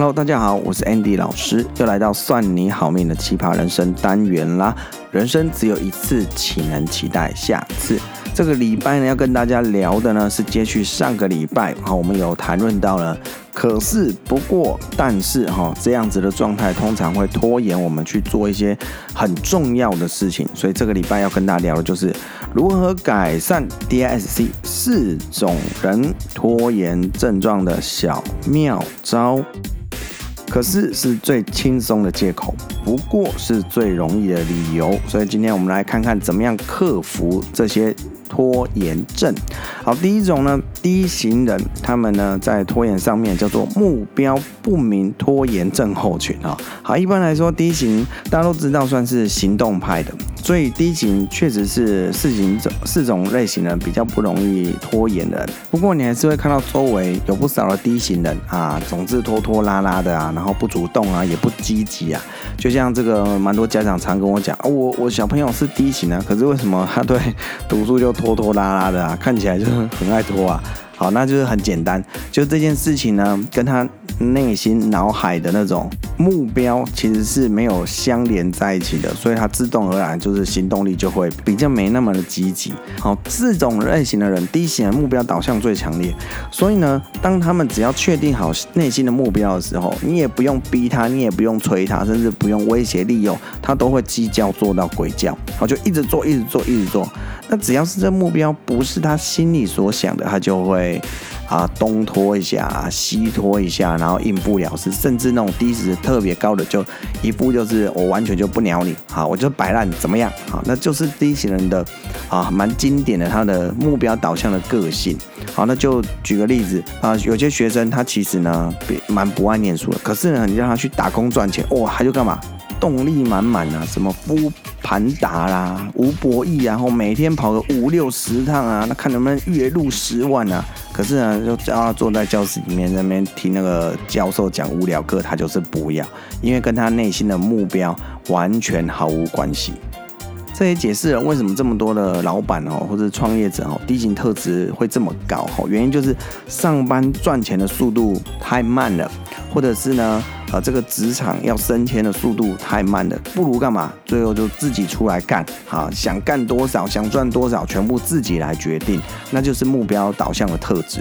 Hello，大家好，我是 Andy 老師，又來到算你好命的奇葩人生單元啦。人生只有一次，豈能期待下次？這個禮拜呢，要跟大家聊的呢，是接續上個禮拜，哈、哦，我們有談論到了。可是，不過，但是，哈、哦，這樣子的狀態通常會拖延我們去做一些很重要的事情。所以，這個禮拜要跟大家聊的就是如何改善 DISC 四種人拖延症狀的小妙招。可是是最輕鬆的借口，不過是最容易的理由。所以今天我們來看看怎麼樣克服這些拖延症。好，第一種呢，D 型人，他們呢在拖延上面叫做目標不明拖延症候群啊。好，一般來說，D 型大家都知道算是行動派的。所以 D 型確實是四種四種類型的比較不容易拖延的。不過，你還是會看到周圍有不少的 D 型人啊，總是拖拖拉拉的啊，然後不主動啊，也不積極啊。就像這個，蠻多家長常跟我講，哦、我我小朋友是 D 型啊，可是為什麼他對讀書就拖拖拉拉的啊？看起來就很愛拖啊。好，那就是很簡單，就這件事情呢，跟他內心腦海的那種目標其實是沒有相連在一起的，所以他自動而然，就是行動力就會比較沒那麼的積極。好，這種類型的人，D 型的目標導向最強烈，所以呢，當他們只要確定好內心的目標的時候，你也不用逼他，你也不用催他，甚至不用威脅利用他都會雞叫做到鬼叫。好，就一直做，一直做，一直做。那只要是這目標不是他心裡所想的，他就會啊東拖一下，西拖一下，然後應付了事，甚至那種 D 值特別高的，就一步就是我完全就不鳥你，好，我就擺爛，怎麼樣？好，那就是 D 型人的啊，蠻經典的他的目標導向的個性。好，那就舉個例子啊，有些學生他其實呢蠻不愛念書的，可是呢你讓他去打工賺錢，哇、哦，他就幹嘛？動力滿滿啊，什麼不？盤達啦，吳博弈、啊，然後每天跑個五六十趟啊，那看能不能月入十萬啊？可是呢，就叫他坐在教室裡面那邊聽那個教授講無聊課，他就是不要，因為跟他內心的目標完全毫無關係。這也解釋了為什麼這麼多的老板哦，或者創業者哦，D 型特質會這麼高。原因就是上班賺錢的速度太慢了，或者是呢，呃，這個職場要升遷的速度太慢了，不如幹嘛？最後就自己出來幹啊，想幹多少，想賺多少，全部自己來決定，那就是目標導向的特質。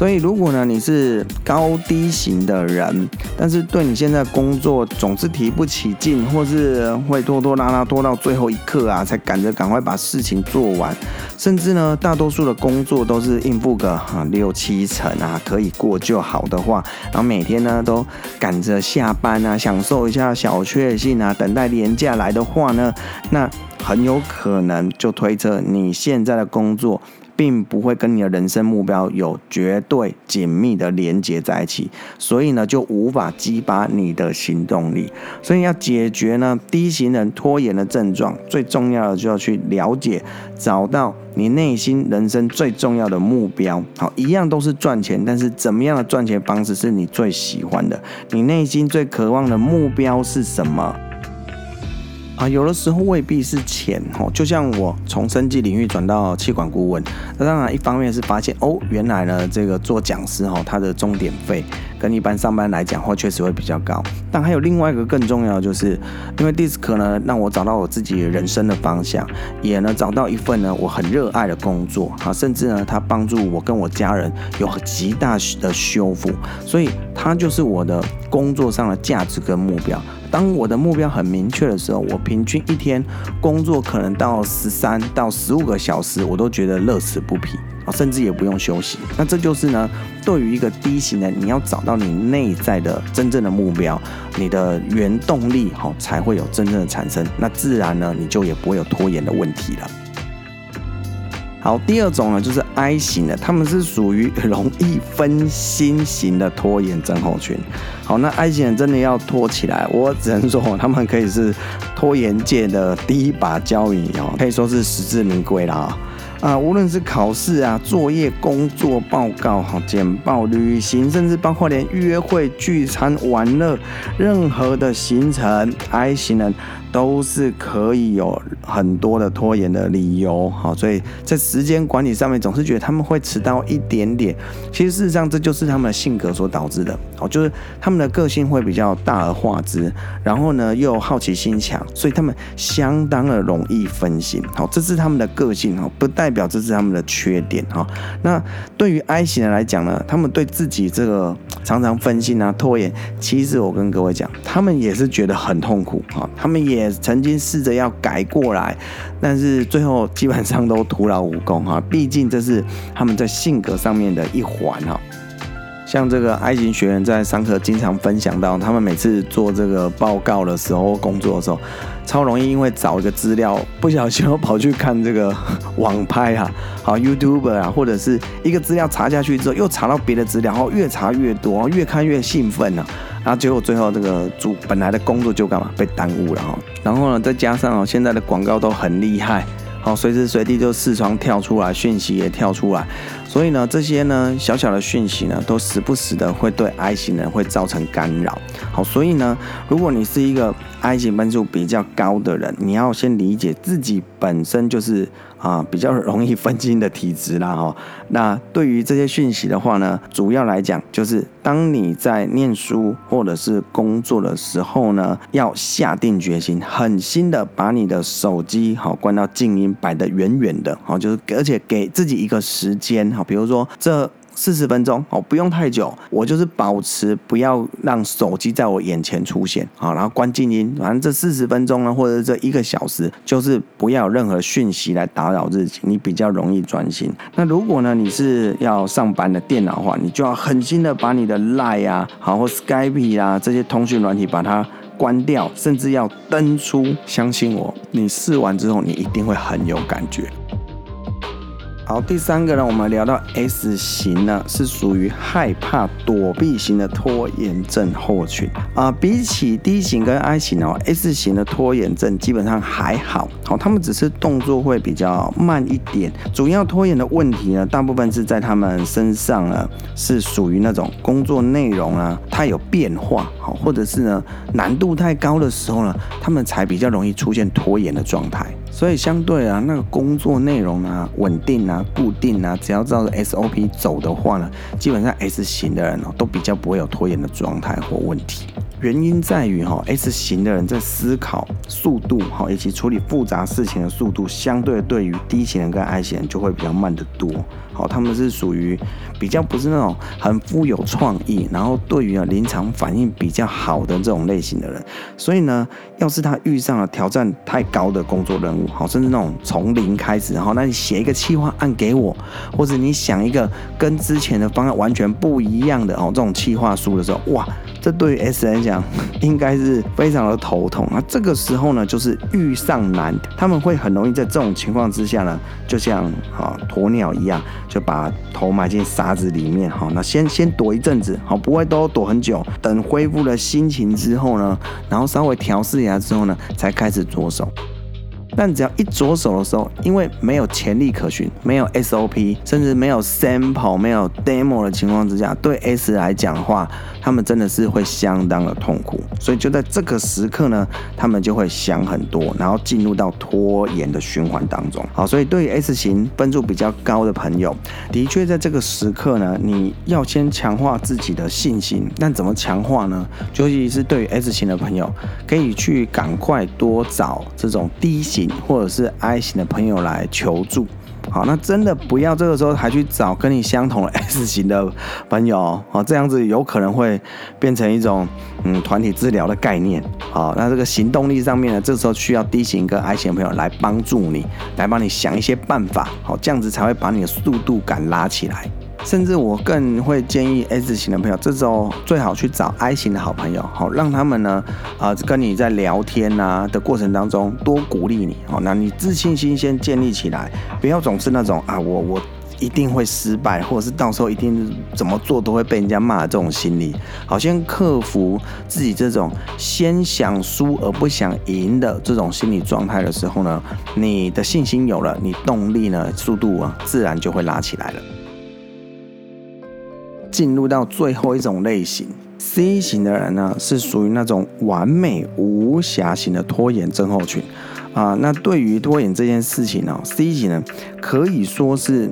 所以，如果呢，你是高低型的人，但是對你現在工作總是提不起勁，或是會拖拖拉拉拖到最後一刻啊，才趕着趕快把事情做完，甚至呢，大多數的工作都是應付個六七成啊，可以過就好的話，然後每天呢都趕着下班啊，享受一下小確幸啊，等待年假來的話呢，那很有可能就推測你現在的工作。並不會跟你的人生目標有絕對緊密的連接在一起，所以呢，就無法激發你的行動力。所以要解決呢 D 型人拖延的症狀，最重要的就要去了解、找到你內心人生最重要的目標。好，一樣都是賺錢，但是怎麼樣的賺錢方式是你最喜歡的？你內心最渴望的目標是什麼？啊，有的時候未必是錢哦，就像我從生技領域轉到企管顧問，那當然一方面是發現哦，原來呢這個做講師哦，他的鐘點費。跟一般上班來講，話確實會比較高。但還有另外一個更重要的，就是因為 DISC 呢，讓我找到我自己人生的方向，也呢找到一份呢我很熱愛的工作。啊，甚至呢它幫助我跟我家人有極大的修復。所以它就是我的工作上的價值跟目標。當我的目標很明確的時候，我平均一天工作可能到十三到十五個小時，我都覺得樂此不疲。啊，甚至也不用休息。那這就是呢，對於一個 D 型的，你要找到你內在的真正的目標，你的原動力，哦，哈，才會有真正的產生。那自然呢，你就也不會有拖延的問題了。好，第二種呢，就是 I 型的，他們是屬於容易分心型的拖延症候群。好，那 I 型的真的要拖起來，我只能說，他們可以是拖延界的第一把交椅哦，可以說是實至名歸了啊。啊，無論是考試啊、作業、工作報告、好簡報、旅行，甚至包括連約會、聚餐、玩樂，任何的行程，I 型人，都是可以有很多的拖延的理由，好，所以在時間管理上面總是覺得他們會遲到一點點。其實事實上這就是他們的性格所導致的，好，就是他們的個性會比較大而化之，然後呢又好奇心強，所以他們相當的容易分心。好，這是他們的個性哈，不代表這是他們的缺點哈。那對於 I 型人來講呢，他們對自己這個常常分心啊、拖延，其實我跟各位講，他們也是覺得很痛苦啊，他們也。也曾經試着要改過來，但是最後基本上都徒勞無功哈。畢竟這是他們在性格上面的一環哈。像這個 I 型學員在上課經常分享到，他們每次做這個報告的時候，工作的時候。超容易，因為找一個資料，不小心又跑去看這個 網拍啊，好 YouTuber 啊，或者是一個資料查下去之後，又查到別的資料，然後越查越多，越看越興奮啊，然後結果最後這個主本來的工作就幹嘛被耽誤了哈，然後呢再加上哦現在的廣告都很厲害。好，隨時隨地就視窗跳出來，訊息也跳出來，所以呢，這些呢，小小的訊息呢，都時不時的會對 I 型人會造成干擾。好，所以呢，如果你是一個 I 型分數比較高的人，你要先理解自己本身就是。啊，比較容易分心的體質啦，喔，哈。那對於這些訊息的話呢，主要來講就是，當你在念書或者是工作的時候呢，要下定決心，狠心的把你的手機好，喔，關到靜音，擺得遠遠的，好，喔，就是，而且給自己一個時間哈，喔，比如說這。四十分鐘哦，不用太久，我就是保持不要讓手機在我眼前出現，好，然後關靜音，反正這四十分鐘呢，或者這一個小時，就是不要有任何訊息來打擾自己，你比較容易專心。那如果呢，你是要上班的電腦的話，你就要狠心的把你的 Line 啊，好，或 Skype 啊，這些通訊軟體把它關掉，甚至要登出，相信我，你試完之後，你一定會很有感覺。好，第三個呢，我們聊到 S 型呢，是屬於害怕躲避型的拖延症候群啊、呃。比起 D 型跟 I 型哦，S 型的拖延症基本上還好，好、哦，他們只是動作會比較慢一點。主要拖延的問題呢，大部分是在他們身上呢，是屬於那種工作內容啊，它有變化，好、哦，或者是呢難度太高的時候呢，他們才比較容易出現拖延的狀態。所以相對啊，那個工作內容呢、啊，穩定啊，固定啊，只要照着 SOP 走的話呢，基本上 S 型的人哦，都比較不會有拖延的狀態或問題。原因在於哈、哦，S 型的人在思考速度哈，以及處理複雜事情的速度，相對對於 D 型人跟 I 型人就會比較慢得多。哦，他們是屬於比較不是那種很富有創意，然後對於啊臨場反應比較好的這種類型的人，所以呢，要是他遇上了挑戰太高的工作任務，好，甚至那種從零開始，然後那你寫一個企劃案給我，或者你想一個跟之前的方案完全不一樣的哦這種企劃書的時候，哇，這對於 S 人來講應該是非常的頭痛。那這個時候呢，就是遇上難，他們會很容易在這種情況之下呢，就像啊鴕鳥一樣。就把頭埋進沙子裡面哈，那先先躲一陣子，好不會都躲很久，等恢復了心情之後呢，然後稍微調適一下之後呢，才開始着手。但只要一着手的時候，因為沒有潛力可循，沒有 SOP，甚至沒有 sample、沒有 demo 的情況之下，對 S 來講的話，他們真的是會相當的痛苦。所以就在這個時刻呢，他們就會想很多，然後進入到拖延的循環當中。好，所以對於 S 型分數比較高的朋友，的確在這個時刻呢，你要先強化自己的信心。但怎麼強化呢？尤其是對於 S 型的朋友，可以去趕快多找這種 D 型。或者是 I 型的朋友來求助，好，那真的不要這個時候還去找跟你相同的 S 型的朋友哦，這樣子有可能會變成一種嗯團體治療的概念，好，那這個行動力上面呢，這個時候需要 D 型跟 I 型朋友來幫助你，來幫你想一些辦法，好，這樣子才會把你的速度感拉起來。甚至我更會建議 S 型的朋友，這時候最好去找 I 型的好朋友，好讓他們呢，啊、呃、跟你在聊天吶、啊、的過程當中多鼓勵你，哦，那你自信心先建立起來，不要總是那種啊我我一定會失敗，或者是到時候一定怎麼做都會被人家罵的這種心理，好，先克服自己這種先想輸而不想贏的這種心理狀態的時候呢，你的信心有了，你動力呢，速度啊，自然就會拉起來了。進入到最後一種類型，C 型的人呢，是屬於那種完美無瑕型的拖延症候群啊，呃。那對於拖延這件事情呢，C 型人可以說是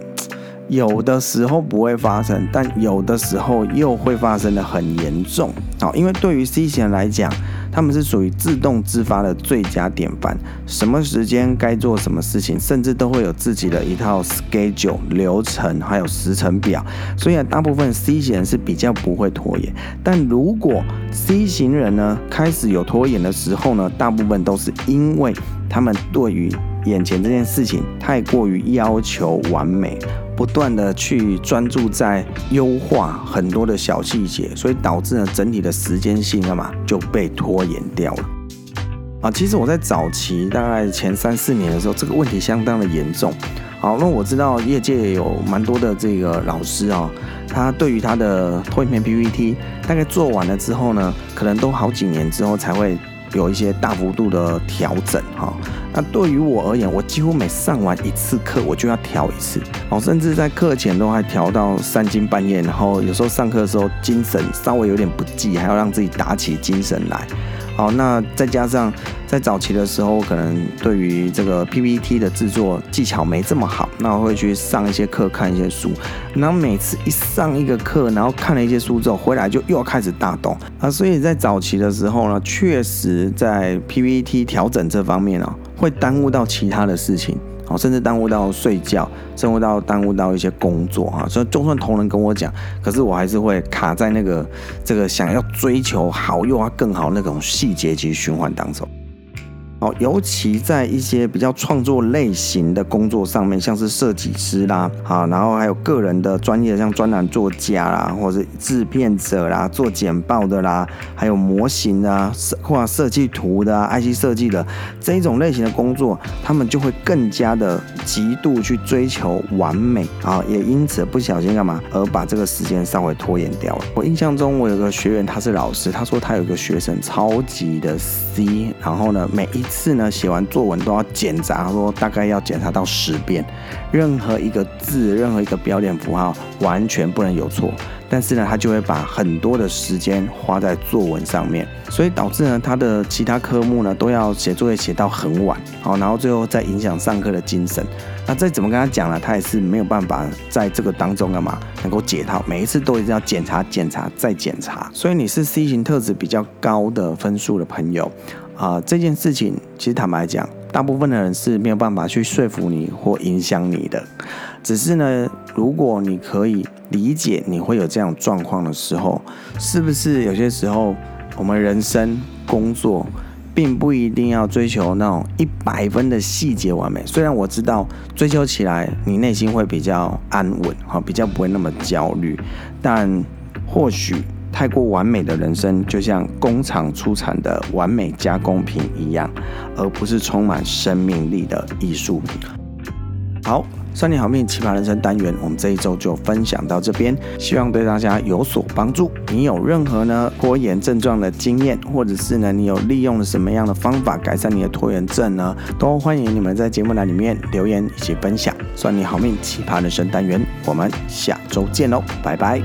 有的時候不會發生，但有的時候又會發生的很嚴重。啊，因為對於 C 型人來講。他們是屬於自動自發的最佳典範，什麼時間該做什麼事情，甚至都會有自己的一套 schedule 流程還有時程表。所以啊，大部分 C 型人是比較不會拖延。但如果 C 型人呢，開始有拖延的時候呢，大部分都是因為他們對於眼前這件事情太過於要求完美。不斷的去專注在優化很多的小細節，所以導致呢整體的時間性幹嘛就被拖延掉了啊！其實我在早期大概前三四年的時候，這個問題相當的嚴重。好，那我知道業界有蠻多的這個老師啊，他對於他的投影片 PPT 大概做完了之後呢，可能都好幾年之後才會。有一些大幅度的調整哈，那對於我而言，我幾乎每上完一次課，我就要調一次，哦，甚至在課前都還調到三更半夜，然後有時候上課的時候精神稍微有點不濟，還要讓自己打起精神來。好，那再加上在早期的時候，可能對於這個 P P T 的製作技巧沒這麼好，那我會去上一些課，看一些書。然後每次一上一個課，然後看了一些書之後，回來就又要開始大動啊。所以在早期的時候呢，確實在 P P T 調整這方面哦、喔，會耽誤到其他的事情。甚至耽誤到睡覺，甚至到耽誤到一些工作啊。所以，就算同仁跟我講，可是我還是會卡在那個這個想要追求好又要更好那種細節級循環當中。哦，尤其在一些比較創作類型的工作上面，像是設計師啦，啊，然後還有個人的專業，像專欄作家啦，或者制片者啦，做簡報的啦，還有模型啊，畫設計圖的啊，IC 設計的這一種類型的工作，他們就會更加的極度去追求完美啊，也因此不小心幹嘛而把這個時間稍微拖延掉了。我印象中，我有個學員他是老師，他說他有一個學生超級的 C，然後呢，每一。次呢，寫完作文都要檢查，他說大概要檢查到十遍，任何一個字，任何一個標點符號，完全不能有錯。但是呢，他就會把很多的時間花在作文上面，所以導致呢，他的其他科目呢都要寫作業寫到很晚，好，然後最後再影響上課的精神。那再怎麼跟他講呢？他也是沒有辦法在這個當中幹嘛能夠解套，每一次都一定要檢查、檢查再檢查。所以你是 C 型特質比較高的分數的朋友。啊、呃，這件事情其實坦白講，大部分的人是沒有辦法去說服你或影響你的。只是呢，如果你可以理解你會有這樣狀況的時候，是不是有些時候我們人生工作並不一定要追求那種一百分的細節完美？雖然我知道追求起來你內心會比較安穩，哈、哦，比較不會那麼焦慮，但或許。太過完美的人生，就像工廠出產的完美加工品一樣，而不是充滿生命力的藝術品。好，算你好命，奇葩人生單元，我們這一周就分享到這邊，希望對大家有所幫助。你有任何呢拖延症狀的經驗，或者是呢你有利用了什麼樣的方法改善你的拖延症呢？都歡迎你們在節目欄裡面留言一起分享。算你好命，奇葩人生單元，我們下周見嘍，拜拜。